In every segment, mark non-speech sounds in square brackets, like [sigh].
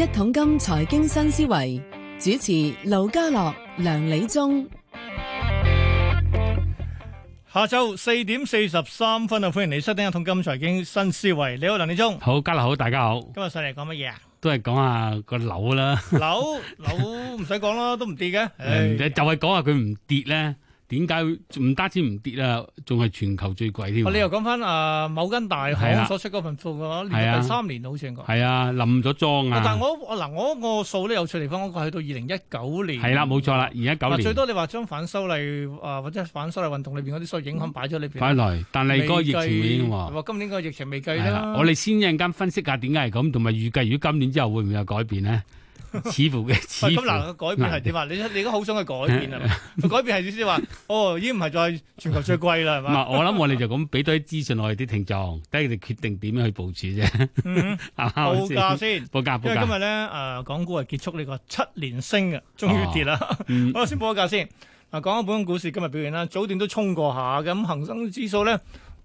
一桶金財經新思維主持盧家樂梁理中，下晝四點四十三分啊，歡迎你收聽一桶金財經新思維。你好，梁理中，好家樂好，大家好，今日上嚟講乜嘢啊？都係講下個樓啦，樓樓唔使講啦， [laughs] 都唔跌嘅、哎嗯，就係、是、講下佢唔跌咧。點解會唔單止唔跌啊？仲係全球最貴添。我你又講翻啊，某間大行所出嗰份數嘅話，連續第三年好似係講。係啊，冧咗莊啊！但係我我嗱，我嗰個數咧有趣地方，嗰個係到二零一九年。係啦，冇錯啦，二零一九年。最多你話將反修例啊，或者反修例運動裏邊嗰啲所影響擺咗呢邊。翻來，但係個疫情喎。話今年個疫情未計啦。我哋先一陣間分析下點解係咁，同埋預計如果今年之後會唔會有改變咧？似乎嘅，咁嗱，嗯、改變係點啊？你你而家好想去改變啊？是是是 [laughs] 改變係意思話，哦，已經唔係再全球最貴啦，係嘛？唔、嗯、係，我諗我哋就咁俾多啲資訊我哋啲聽眾，等佢哋決定點樣去部署啫、嗯。報價先，報價報價因為今日咧，誒、呃，港股係結束呢個七年升嘅，終於跌啦。我、哦 [laughs] 嗯、先報價先。嗱、啊，講下本港股市今日表現啦。早段都衝過下嘅，咁恒生指數咧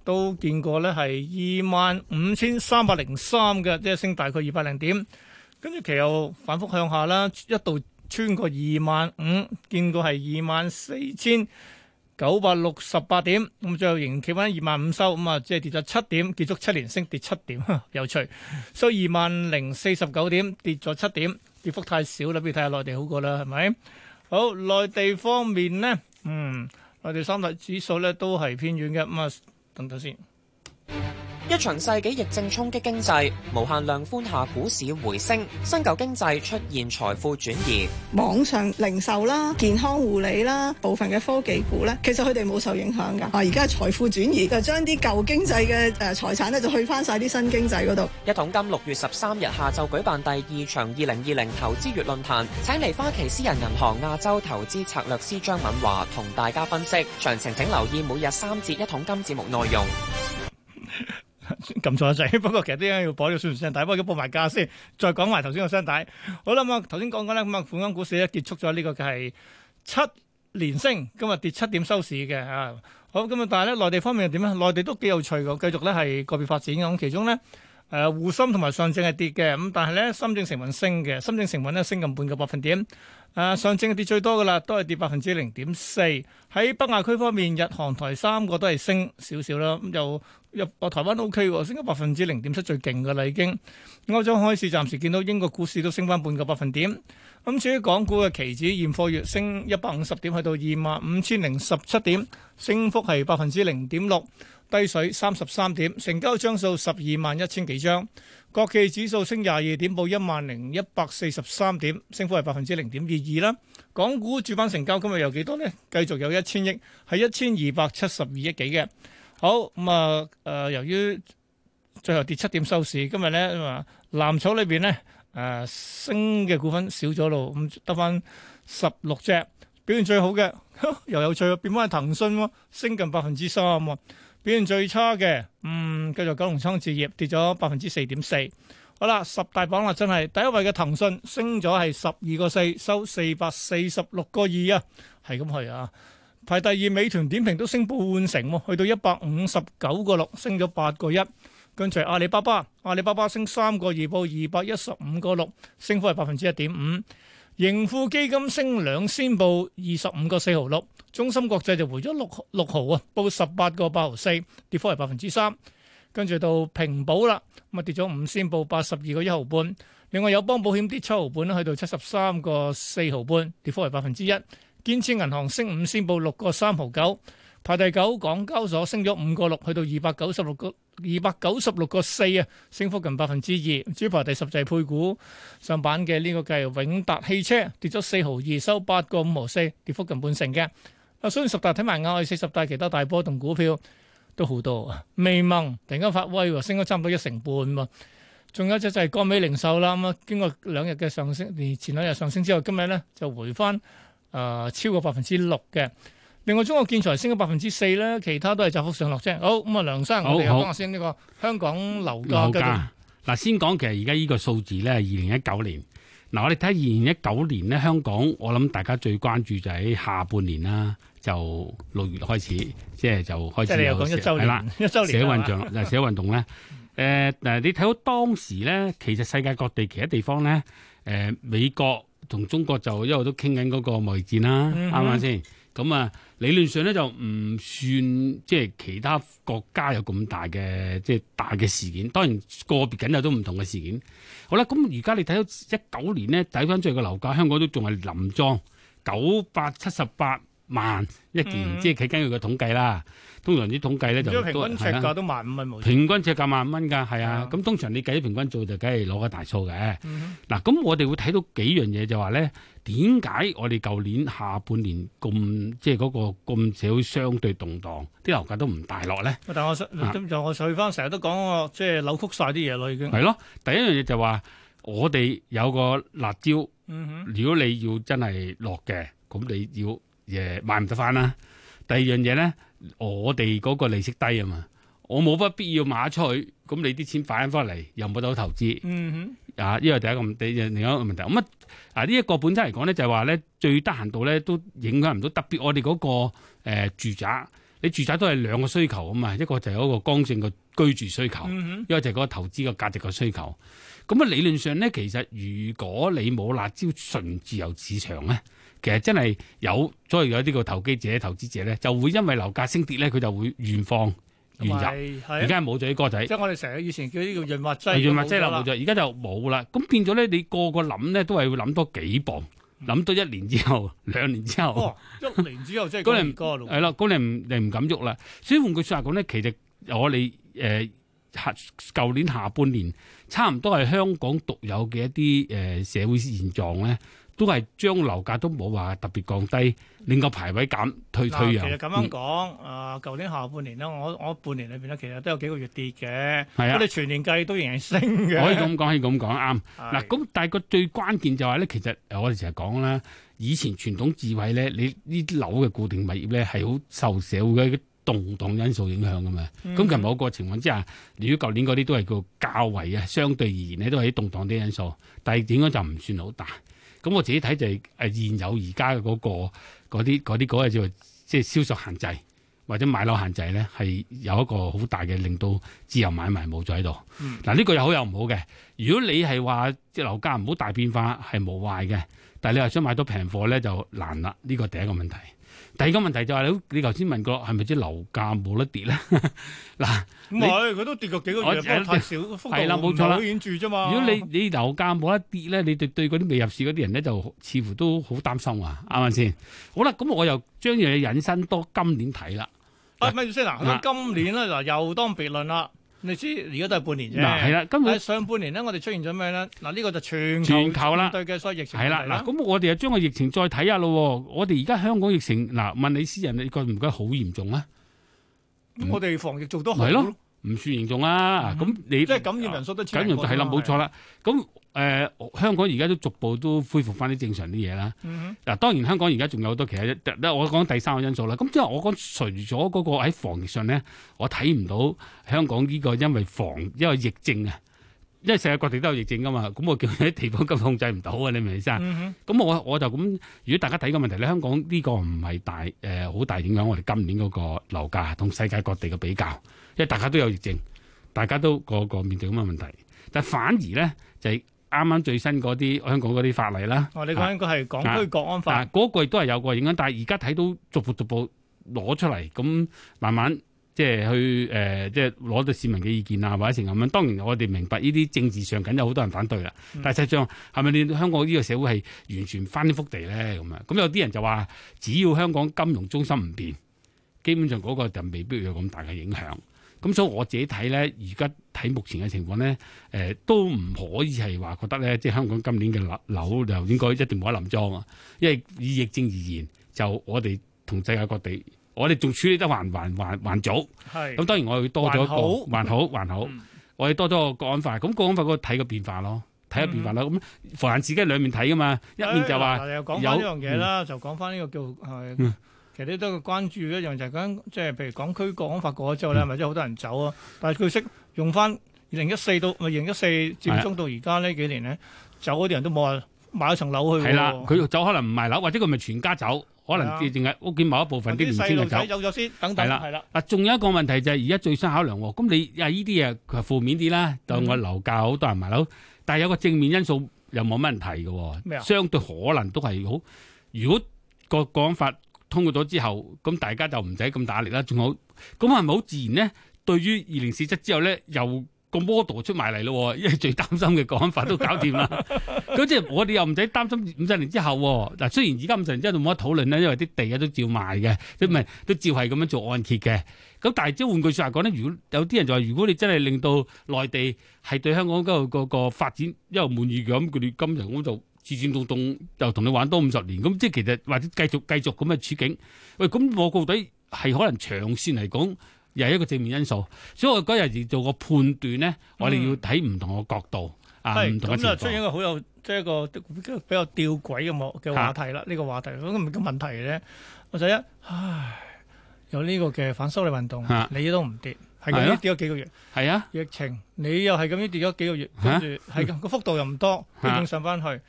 都見過咧係二萬五千三百零三嘅，即係升大概二百零點。跟住其又反覆向下啦，一度穿過二萬五，見到係二萬四千九百六十八點，咁最後仍然企翻二萬五收，咁啊，即係跌咗七點，結束七年升，跌七點呵呵，有趣，收二萬零四十九點，跌咗七點，跌幅太少啦，不如睇下內地好過啦，係咪？好，內地方面咧，嗯，內地三大指數咧都係偏軟嘅，咁、嗯、啊，等等先。一場世紀疫症衝擊經濟，無限量寬下，股市回升，新舊經濟出現財富轉移。網上零售啦，健康護理啦，部分嘅科技股咧，其實佢哋冇受影響噶。而家財富轉移就將啲舊經濟嘅誒財產咧，就去翻晒啲新經濟嗰度。一桶金六月十三日下晝舉辦第二場二零二零投資月論壇，請嚟花旗私人銀行亞洲投資策略師張敏華同大家分析。詳情請留意每日三節一桶金節目內容。撳錯一仔，不過其實呢要保啲算唔輸人，不過要報埋價先，再講埋頭先個聲帶。好啦，咁啊頭先講過咧，咁啊盤根股市咧結束咗呢個係七連升，今日跌七點收市嘅吓。好，咁啊，但係咧內地方面係點咧？內地都幾有趣嘅，繼續咧係個別發展嘅。咁其中咧。誒、啊，滬深同埋上證係跌嘅，咁但係咧，深證成分升嘅，深證成分咧升近半個百分點。啊、上證係跌最多噶啦，都係跌百分之零點四。喺北亞區方面，日韓台三個都係升少少啦。咁又入台灣 O K 喎，升咗百分之零點七，最勁噶啦已經。歐洲開市暫時見到英國股市都升翻半個百分點。咁至於港股嘅期指現貨月升一百五十點，去到二萬五千零十七點，升幅係百分之零點六。低水三十三點，成交張數十二萬一千幾張。國企指數升廿二點，報一萬零一百四十三點，升幅係百分之零點二二啦。港股主板成交今日有幾多呢？繼續有一千億，係一千二百七十二億幾嘅。好，咁啊，誒、嗯呃，由於最後跌七點收市，今日咧啊藍籌裏邊咧誒升嘅股份少咗咯，咁得翻十六隻，表現最好嘅又有趣，變翻係騰訊喎，升近百分之三啊。表現最差嘅，嗯，繼續九龍倉置業跌咗百分之四點四。好啦，十大榜啦，真係第一位嘅騰訊升咗係十二個四，收四百四十六個二啊，係咁去啊。排第二美團點評都升半成喎，去到一百五十九個六，升咗八個一。跟住阿里巴巴，阿里巴巴升三個二，報二百一十五個六，升幅係百分之一點五。盈富基金升兩仙，報二十五個四毫六。中心國際就回咗六六毫啊，報十八個八毫四，跌幅為百分之三。跟住到平保啦，咁啊跌咗五仙報八十二個一毫半。另外友邦保險跌七毫半去到七十三個四毫半，跌幅為百分之一。建設銀行升五仙報六個三毫九，排第九。港交所升咗五個六，去到二百九十六個二百九十六個四啊，升幅近百分之二。主要排第十就配股上版嘅呢個計永達汽車跌咗四毫二，收八個五毫四，跌幅近半成嘅。所以十大睇埋眼，四十大其他大波動股票都好多啊！微盟突然間發威喎，升咗差唔多一成半喎。仲有一隻就係國美零售啦。咁啊，經過兩日嘅上升，前兩日上升之後，今日咧就回翻誒、呃、超過百分之六嘅。另外，中國建材升咗百分之四啦，其他都係窄幅上落啫。好，咁啊，梁生，好我哋又講下先呢個香港樓價。嗱，先講，其實而家呢個數字咧，二零一九年。嗱，我哋睇二零一九年咧，香港我諗大家最關注就喺下半年啦。就六月開始，即、就、係、是、就開始有係啦，一週年啦。社運像社運動咧，誒 [laughs] 誒、呃呃，你睇到當時咧，其實世界各地其他地方咧，誒、呃、美國同中國就一路都傾緊嗰個貿易戰啦、啊，啱唔啱先？咁啊、嗯嗯嗯，理論上咧就唔算即係其他國家有咁大嘅即係大嘅事件。當然個別緊有都唔同嘅事件。好啦，咁而家你睇到呢一九年咧，底翻轉嘅樓價，香港都仲係連莊九百七十八。9878，萬一件，嗯、即係佢根據個統計啦。通常啲統計咧、嗯、就平均尺價都萬五蚊平均尺價萬五蚊噶，係啊。咁、啊、通常你計啲平均做就，梗係攞個大數嘅。嗱、嗯，咁、啊、我哋會睇到幾樣嘢，就話咧，點解我哋舊年下半年咁，即係嗰個咁少、那個、相對動盪，啲樓價都唔大落咧？但係我想咁、啊、就我退翻，成日都講我即係扭曲晒啲嘢啦，已經係咯、啊。第一樣嘢就話我哋有個辣招、嗯，如果你要真係落嘅，咁你要。誒、yeah，買唔得翻啦！第二樣嘢咧，我哋嗰個利息低啊嘛，我冇乜必要買出去，咁你啲錢返翻嚟又冇得投資。嗯哼，啊，呢個第一個第，另一個問題。咁、嗯、啊，啊呢一個本身嚟講咧，就係話咧，最得閒到咧都影響唔到，特別我哋嗰個誒住宅，你住宅都係兩個需求啊嘛，一個就係嗰個剛性嘅居住需求，一個就係嗰個投資嘅價值嘅需求。咁、嗯、啊，理論上咧，其實如果你冇辣椒，純自由市場咧。其實真係有，所以有呢個投機者、投資者咧，就會因為樓價升跌咧，佢就會願放願入。而家冇咗啲歌仔。即係我哋成日以前叫呢個潤滑劑。潤滑劑啦冇咗，而家就冇啦。咁變咗咧，你個個諗咧都係會諗多幾磅，諗、嗯、多一年之後、兩年之後、哦、一年之後即係割二哥咯。係 [laughs] 啦，嗰年你唔敢喐啦。所以換句說話講咧，其實我哋誒、呃、下舊年下半年差唔多係香港獨有嘅一啲誒社會現狀咧。都係將樓價都冇話特別降低，令個排位減退退呀。其實咁樣講、嗯，啊，舊年下半年咧，我我半年裏邊咧，其實都有幾個月跌嘅。係啊，我哋全年計都仍然係升嘅。可以咁講，可以咁講，啱。嗱，咁但係個最關鍵就係、是、咧，其實我哋成日講啦，以前傳統智慧咧，你呢啲樓嘅固定物業咧，係好受社會嘅動盪因素影響㗎嘛。咁、嗯、其實某個情況之下，如果舊年嗰啲都係叫較為啊，相對而言咧，都係動盪啲因素，但係點講就唔算好大。咁我自己睇就係誒現有而家嘅嗰個嗰啲嗰啲嗰叫做即係銷售限制或者買樓限制咧，係有一個好大嘅令到自由買賣冇咗喺度。嗱、嗯、呢、這個又好又唔好嘅。如果你係話即樓價唔好大變化係冇壞嘅，但係你係想買到平貨咧就難啦。呢、這個第一個問題。第二個問題就係、 [laughs] 嗯，你，你頭先問過係咪即係樓價冇得跌咧？嗱，唔係，佢都跌咗幾個月，即係太少，幅度唔住啫嘛。如果你你樓價冇得跌咧，你對對嗰啲未入市嗰啲人咧，就似乎都好擔心啊，啱啱先？ [laughs] [laughs] 好啦，咁我又將嘢引申多今年睇啦。啊，唔該嗱，咁、啊啊、今年咧嗱又當別論啦。你知而家都係半年啫，係啦、啊、今年上半年咧，我哋出現咗咩咧？嗱、啊，呢、呢個就全球啦。對嘅，所以疫情係啦。嗱，咁、啊、我哋又將個疫情再睇下咯。我哋而家香港疫情，嗱、啊，問你私人，你覺唔覺得好嚴重咧、嗯？我哋防疫做得好的，咯。唔算嚴重啦、啊，咁、嗯、你即係感染人數都人，感染就係啦，冇錯啦。咁、呃、香港而家都逐步都恢復翻啲正常啲嘢啦。嗱、嗯，當然香港而家仲有好多其他，我講第三個因素啦。咁即係我講除咗嗰個喺防疫上咧，我睇唔到香港呢個因為防因為疫症啊，因為世界各地都有疫症噶嘛，咁我叫你地方咁控制唔到啊，你明唔明意思呀？咁、嗯、我我就咁，如果大家睇個問題咧，香港呢個唔係大、呃、好大影響我哋今年嗰個樓價同世界各地嘅比較。因為大家都有疫症，大家都個個面對咁嘅問題，但反而咧就係啱啱最新嗰啲香港嗰啲法例啦。哦，你講應該係港區國安法。嗰、啊啊那個亦都係有個影響，但係而家睇到逐步逐步攞出嚟，咁慢慢即係去誒，即係攞、呃、到市民嘅意見啊，或者成咁樣。當然我哋明白呢啲政治上梗有好多人反對啦。但係實際上係咪你香港呢個社會係完全翻天覆地咧？咁啊？咁有啲人就話，只要香港金融中心唔變，基本上嗰個就未必有咁大嘅影響。咁、嗯、所以我自己睇咧，而家睇目前嘅情況咧，誒、呃、都唔可以係話覺得咧，即係香港今年嘅樓樓就應該一定冇得冧莊啊！因為以疫症而言，就我哋同世界各地，我哋仲處理得還還還還早。係。咁、嗯嗯、當然我哋多咗一個，還好還好。嗯、我哋多咗個國安法，咁國安法嗰個睇個變化咯，睇個變化啦。咁防範自己兩面睇㗎嘛，一面就話有。哎、又講翻一樣嘢啦，就講翻呢個叫係。其實都係關注一樣，就係講即係譬如港區國安法過咗之後咧，咪即係好多人走啊。但係佢識用翻二零一四到二零一四佔中到而家呢幾年咧，走嗰啲人都冇話買層樓去。係啦，佢走可能唔賣樓，或者佢咪全家走，可能淨係屋企某一部分啲唔知。細路仔走咗先，等等係啦。嗱，仲有一個問題就係而家最想考量喎。咁你啊呢啲嘢佢係負面啲啦，當我樓價好多人賣樓、嗯，但係有個正面因素又冇乜人提嘅。咩？相對可能都係好。如果個講法。通過咗之後，咁大家就唔使咁打力啦。仲有，咁係咪好自然呢？對於二零四七之後呢，又個 model 出埋嚟咯，因為最擔心嘅講法都搞掂啦。咁即係我哋又唔使擔心五十年之後。嗱，雖然而家五十年之後就冇得討論咧，因為啲地啊都照賣嘅，即係咪都照係咁樣做按揭嘅。咁但係即係換句説話講呢，如果有啲人就話如果你真係令到內地係對香港嗰個個發展又滿意嘅，咁佢哋今日我就。自自動動又同你玩多五十年，咁即係其實或者繼續繼續咁嘅處境，喂，咁我到底係可能長線嚟講又係一個正面因素，所以嗰日時做個判斷咧，我哋要睇唔同嘅角度，嗯、啊，唔同咁就出現一個好有，即、就、係、是、一個比較吊詭嘅莫嘅話題啦。呢、這個話題咁唔係個問題咧。我就一、是，唉，有呢個嘅反修例運動，你都唔跌，係咁樣跌咗幾個月，係啊，疫情你又係咁樣跌咗幾個月，跟住係個幅度又唔多，不跌到上翻去。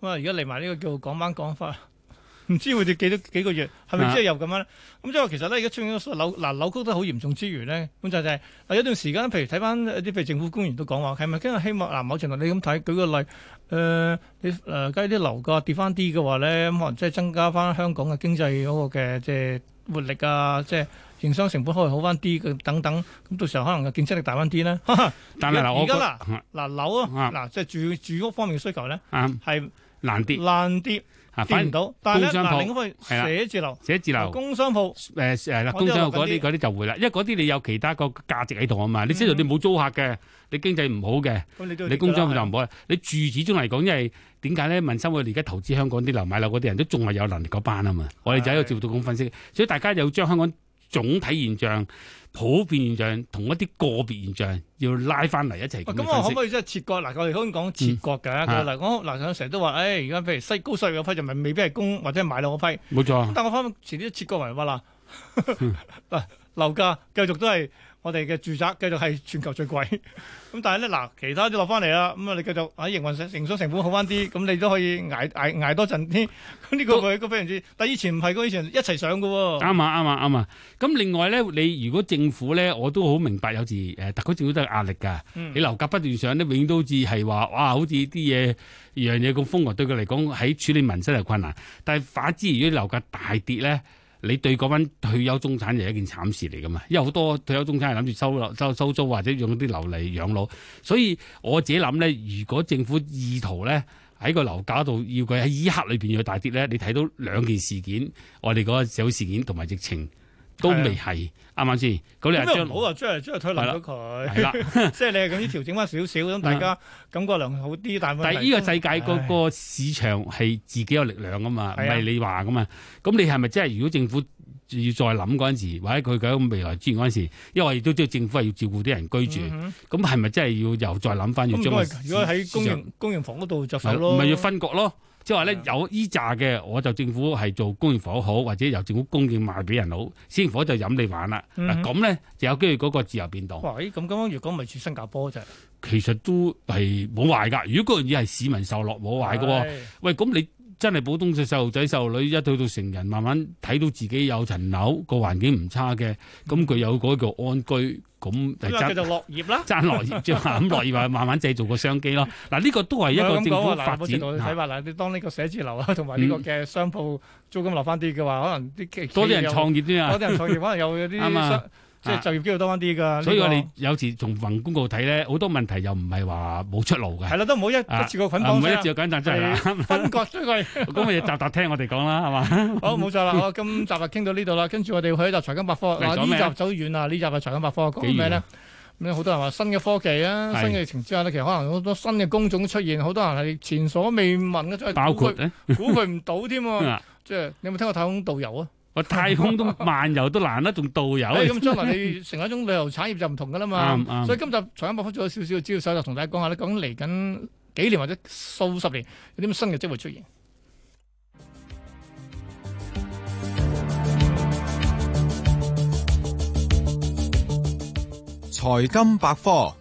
哇！而家嚟埋呢個叫港版港法，唔知會跌幾多幾個月，係咪即係又咁樣咧？咁因為其實咧，而家出現咗嗱扭曲得好嚴重之餘咧，問題就係、是、有一段時間，譬如睇翻啲譬如政府官員都講話，係咪跟希望嗱某程度你咁睇，舉個例，誒、呃、你誒，假如啲樓價跌翻啲嘅話咧，咁可能即係增加翻香港嘅經濟嗰個嘅即係活力啊，即係營商成本可以好翻啲嘅等等，咁到時候可能競爭力大翻啲咧。但係嗱，而家啦，嗱樓啊，嗱即係住住屋方面嘅需求咧，係、啊。難跌難跌，吓唔、啊、到。但係商咧嗱，另外寫字樓、寫字樓、工商鋪，誒誒啦，工商鋪嗰啲嗰啲就會啦，因為嗰啲你有其他個價值喺度啊嘛。你知道你冇租客嘅，你經濟唔好嘅，你工商鋪就唔好啦。你住始終嚟講，因為點解咧？民生我哋而家投資香港啲樓買樓嗰啲人都仲係有能力嗰班啊嘛。我哋就喺度照到咁分析，所以大家又將香港。總體現象、普遍現象，同一啲個別現象要拉翻嚟一齊。咁、啊啊、我可唔可以即係切割？嗱、啊，我哋香港切割嘅嗱，我、嗯、嗱，我成日都話，唉、哎，而家譬如西高西嘅批就咪未必係供或者係買落嘅批，冇錯。但係我可能遲啲都切割埋話啦，唔、嗯 [laughs] 啊，樓價繼續都係。我哋嘅住宅繼續係全球最貴，咁但係咧嗱，其他都落翻嚟啦，咁啊你繼續喺營運成營商成本好翻啲，咁你都可以捱捱捱多陣啲，咁、這、呢個佢個非常之，但以前唔係，嗰以前一齊上㗎喎、哦。啱啱啱啊啱咁、啊啊、另外咧，你如果政府咧，我都好明白有時誒，特區政府都有壓力㗎、嗯。你樓價不斷上，啲永遠都好似係話哇，好似啲嘢樣嘢咁瘋狂，對佢嚟講喺處理民生係困難。但係反之，如果樓價大跌咧。你對嗰班退休中產就係一件慘事嚟噶嘛？因為好多退休中產係諗住收收收租，或者用啲樓嚟養老，所以我自己諗咧，如果政府意圖咧喺個樓價度要佢喺依一刻裏邊要大跌咧，你睇到兩件事件，我哋嗰個社會事件同埋疫情。都未係啱啱先？咁、啊啊啊、 [laughs] 你又唔好話追嚟追嚟推攬咗佢，即係你係咁樣調整翻少少咁，大家感覺良好啲。但係呢個世界個個市場係自己有力量噶嘛，唔係、啊、你話噶嘛。咁你係咪真係如果政府要再諗嗰陣時，或者佢講未來資源嗰陣時，因為亦都知道政府係要照顧啲人居住，咁係咪真係要又再諗翻、嗯、要將？如果喺公營公營房嗰度着手咯，唔係、啊、要分割咯。即係話咧有依扎嘅，我就政府係做供應火好，或者由政府供應賣俾人好，先火就任你玩啦。咁、嗯、咧就有機會嗰個自由變動。喂，咁咁樣如果唔係住新加坡啫，其實都係冇壞噶。如果嗰樣嘢係市民受落，冇壞噶。喂，咁你？真係普通嘅細路仔細路女，一到一到成人，慢慢睇到自己有層樓，環個環境唔差嘅，咁佢有嗰個安居，咁就，就落葉啦，爭落葉啫咁落葉話慢慢製造商機，這個商機咯。嗱，呢個都係一個政府發展。睇埋，嗱，你當呢個寫字樓啊，同埋呢個嘅商鋪租金落翻啲嘅話，可能啲多啲人創業啲啊，多啲人創業，業，業， [laughs] 業可能有啲。 [laughs] 即係就業機會多翻啲噶，所以我哋有時從份公告睇咧，好多問題又唔係話冇出路嘅。係、啊、啦、啊啊，都唔好一次過捆綁晒，唔好一次過簡單真係，分割追貴。咁咪就集集聽我哋講啦，係嘛？好，冇錯啦，我今集日傾到呢度啦，跟住我哋去一集財經百科，呢、啊、集走遠啦，呢集係財經百科講咩咧？咩？好多人話新嘅科技啊，新嘅疫情之下咧，其實可能好多新嘅工種出現，好多人係前所未聞嘅、 [laughs] 啊，即係包括估佢唔到添。即係你有冇聽過太空導遊啊？我太空都漫遊都難啦，仲導遊？誒，咁將來你成為一種旅遊產業就唔同噶啦嘛。啱啱。所以今集財金百科做咗少少資料搜集，同大家講下咧，講嚟緊幾年或者數十年有啲咩新嘅機會出現。財金百科。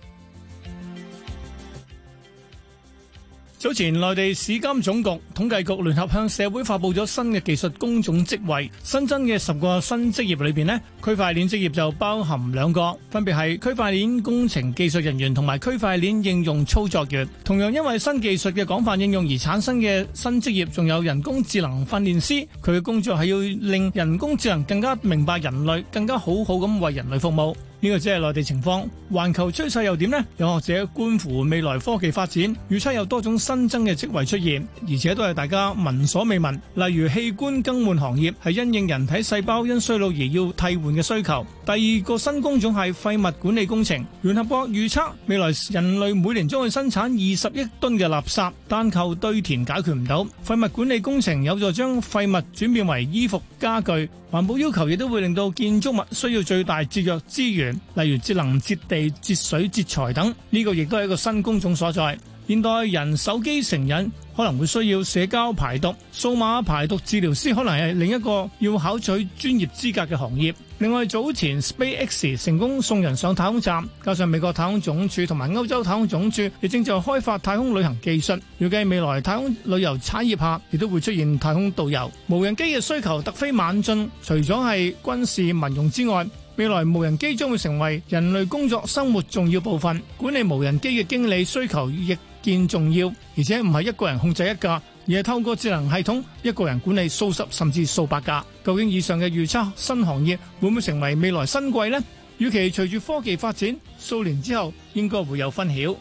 早前，內地市監總局、統計局聯合向社會發佈咗新嘅技術工種職位。新增嘅十個新職業裏邊呢，區塊鏈職業就包含兩個，分別係區塊鏈工程技術人員同埋區塊鏈應用操作員，同樣因為新技術嘅廣泛應用而產生嘅新職業，仲有人工智能訓練師，佢嘅工作係要令人工智能更加明白人類，更加好好咁為人類服務。呢、這個只係內地情況，環球趨勢又點呢？有學者觀乎未來科技發展，預測有多種新增嘅職位出現，而且都係大家聞所未聞，例如器官更換行業，係因應人體細胞因衰老而要替換嘅需求。第二個新工種係廢物管理工程。聯合國預測未來人類每年將會生產二十億噸嘅垃圾，單靠堆填解決唔到，廢物管理工程有助將廢物轉變為衣服、家具。環保要求亦都會令到建築物需要最大節約資源。例如節能、節地、節水、節材等，呢個亦都係一個新工種所在。現代人手機成癮，可能會需要社交排毒、數碼排毒治療師，可能係另一個要考取專業資格嘅行業。另外，早前 SpaceX 成功送人上太空站，加上美國太空總署同埋歐洲太空總署，亦正在開發太空旅行技術。預計未來太空旅遊產業下，亦都會出現太空導遊、無人機嘅需求突飛猛進，除咗係軍事、民用之外。未來無人機將會成為人類工作生活重要部分，管理無人機嘅經理需求亦見重要，而且唔係一個人控制一架，而係透過智能系統，一個人管理數十甚至數百架。究竟以上嘅預測，新行業會唔會成為未來新貴呢？預期隨住科技發展，數年之後應該會有分曉。